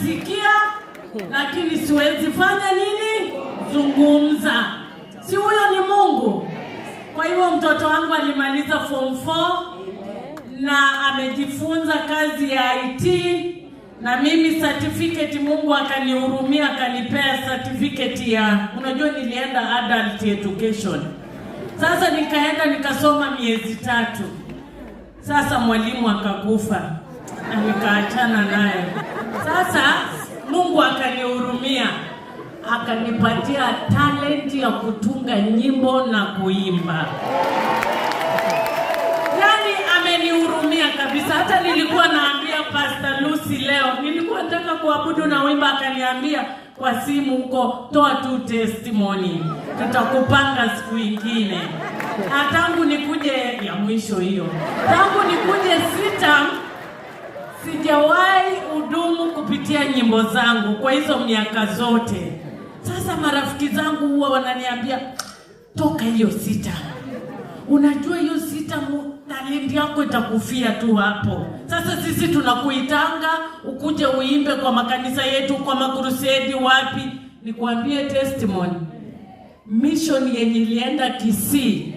nasikia, lakini siwezi fanya nini, zungumza. Si huyo ni Mungu? Kwa hiyo mtoto wangu alimaliza form 4 na amejifunza kazi ya IT, na mimi certificate, Mungu akanihurumia akanipea certificate ya, unajua nilienda adult education. Sasa nikaenda nikasoma miezi tatu. Sasa mwalimu akakufa na nikaachana naye. Sasa Mungu akanihurumia akanipatia talenti ya kutunga nyimbo na kuimba. Yani amenihurumia kabisa. Hata nilikuwa naambia Pastor Lucy leo, nilikuwa nataka kuabudu na wimba, akaniambia kwa simu huko, toa tu testimony, tutakupanga siku ingine. Tangu nikuje ya mwisho hiyo, tangu nikuje sita sijawahi hudumu kupitia nyimbo zangu kwa hizo miaka zote. Sasa marafiki zangu huwa wananiambia toka hiyo sita, unajua hiyo sita talenti yako itakufia tu hapo. Sasa sisi tunakuitanga ukuje uimbe kwa makanisa yetu, kwa makurusedi, wapi. Nikuambie testimony, mission yenye ilienda Kisii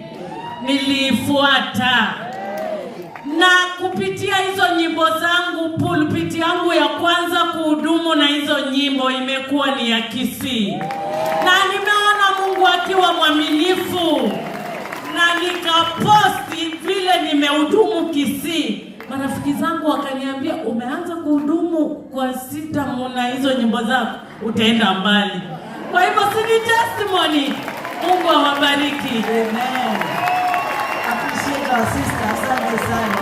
niliifuata na kupitia hizo nyimbo zangu yangu ya kwanza kuhudumu na hizo nyimbo imekuwa ni ya Kisii, na nimeona Mungu akiwa mwaminifu, na nikaposti vile nimehudumu Kisii. Marafiki zangu wakaniambia, umeanza kuhudumu kwa sita na hizo nyimbo zako utaenda mbali. Kwa hivyo si ni testimony. Mungu awabariki. Amen. Appreciate our sister. Asante sana.